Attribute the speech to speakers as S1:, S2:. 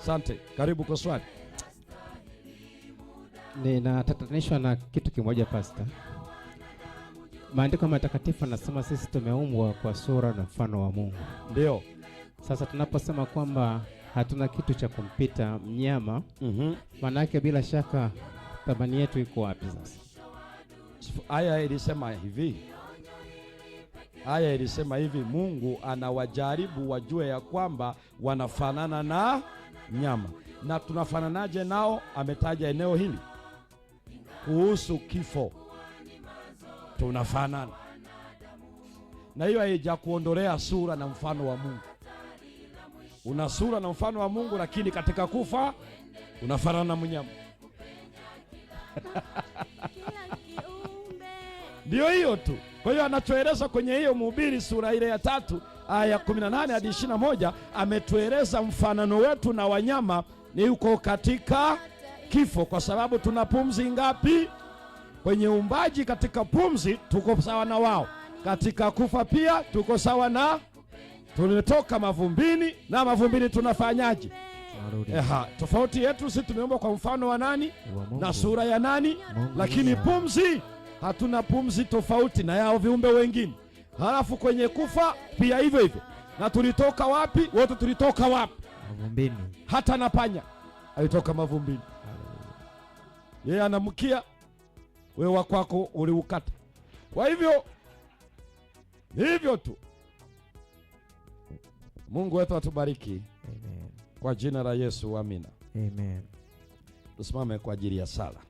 S1: Asante, karibu kwa swali.
S2: Ninatatanishwa na kitu kimoja Pasta. Maandiko matakatifu anasema sisi tumeumbwa kwa sura na mfano wa Mungu. Ndio. Sasa tunaposema kwamba hatuna kitu cha kumpita mnyama, mm-hmm. Manake bila shaka thamani yetu iko wapi sasa?
S1: Aya ilisema hivi, aya ilisema hivi, Mungu anawajaribu wajue ya kwamba wanafanana na nyama. Na tunafananaje nao? Ametaja eneo hili kuhusu kifo, tunafanana na hiyo. Haijakuondolea sura na mfano wa Mungu. Una sura na mfano wa Mungu, lakini katika kufa unafanana na mnyama. ndio hiyo tu. Kwa hiyo anatueleza kwenye hiyo Mhubiri sura ile ya tatu aya 18 hadi 21, ametueleza mfanano wetu na wanyama ni uko katika kifo, kwa sababu tuna pumzi ngapi kwenye umbaji Katika pumzi tuko sawa na wao, katika kufa pia tuko sawa na tumetoka mavumbini, na mavumbini tunafanyaje? Eha, tofauti yetu sisi tumeumbwa kwa mfano wa nani na sura ya nani, lakini pumzi hatuna pumzi tofauti na yao viumbe wengine. Halafu kwenye kufa pia hivyo hivyo. Na tulitoka wapi? Wote tulitoka wapi? Mavumbini. Hata na panya alitoka mavumbini. Yeye anamkia wewe, wa kwako uliukata. Kwa hivyo hivyo tu. Mungu wetu atubariki. Amen. Kwa jina la Yesu, amina. Amen. Tusimame kwa ajili ya sala.